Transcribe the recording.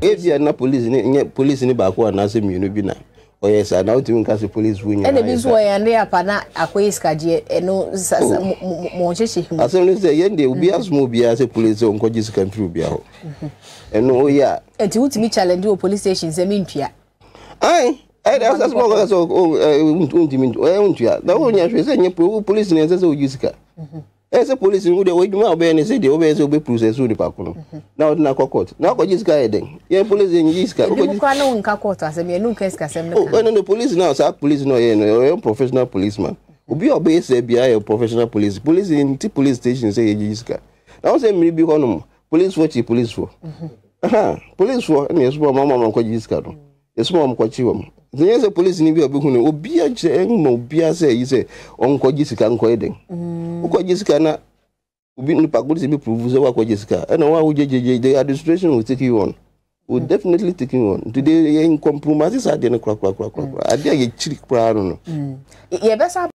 ebia na police ni nye polisi ni baako anaasɛ mmienu bi na ɔyɛ saa na wotumi nka sɛ polisi wo nyinaa ɛna bi nso ɔyɛ ne apa na akɔyɛ sikagyeɛ ɛno sasa oh. mɔnhyehyɛ mu asɛm no sɛ yɛn deɛ obi mhm. asoma obiara sɛ polisi sɛ ɔnkɔgye sika mfiri obiara hɔ mhm. ɛno ɔyɛ a ɛnti wotumi challenge wɔ police station sɛ mentua ae ɛyɛ dɛ asoma ɔkɔka sɛ wontumi ɛyɛ wontua na wonyɛ hwɛ sɛ nyɛ polisi ne ɛsɛ sɛ wogye sika mhm. Eh, e say police who dey wey no obey any say dey obey say obey process who dey pakuno mhm. na ordinary court na ko jisika e den ye police ye jisika ko jisika kwa no nka court asem ye no nka sika asem no oh no no police now say police no ye no ye professional policeman obi obey say bia professional police police in ti police station say ye jisika na say mmiri bi honom police for police for mhm. aha police for na mama mama ko jisika no yesu mama ko police ni bi obi hunu obi a che en mo obi a say yi say onkọ jisika wokɔgye sika na obi nipa polisi bi prove sɛ woakɔgye sika ɛna wo a wogyegyegye the administration will take you on will definitely take you on today yɛn compromise saa adeɛ no korakorakorakora adeɛ a yɛkyiri koraa no no yɛbɛsa